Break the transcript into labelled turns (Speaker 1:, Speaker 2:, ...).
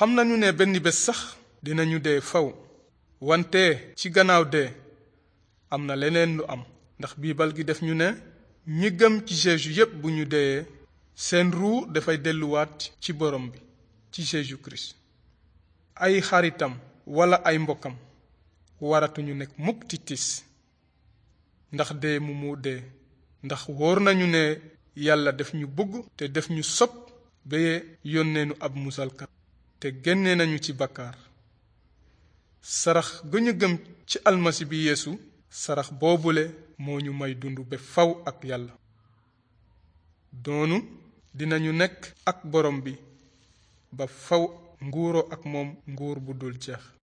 Speaker 1: xam nañu ne benn bés sax dinañu dee faw wante ci gannaaw dee am na leneen lu am ndax biibal gi def ñu ne ñi gëm ci Jésus yépp bu ñu deyee seen ruu dafay delluwaat ci borom bi ci Jésus Christ ay xaritam walla ay mbokkam waratuñu nekk mukk tiis ndax dee mu mu dee ndax wóor nañu ne yàlla def ñu bëgg te def ñu sopp ba yónnee nu ab musalkat te génne nañu ci bakkaar sarax ga ñu gëm ci almasi bi yeesu sarax boobule moo ñu may dund ba faw ak yàlla doonu dinañu nekk ak boroom bi ba faw
Speaker 2: nguuroo ak moom nguur bu dul jeex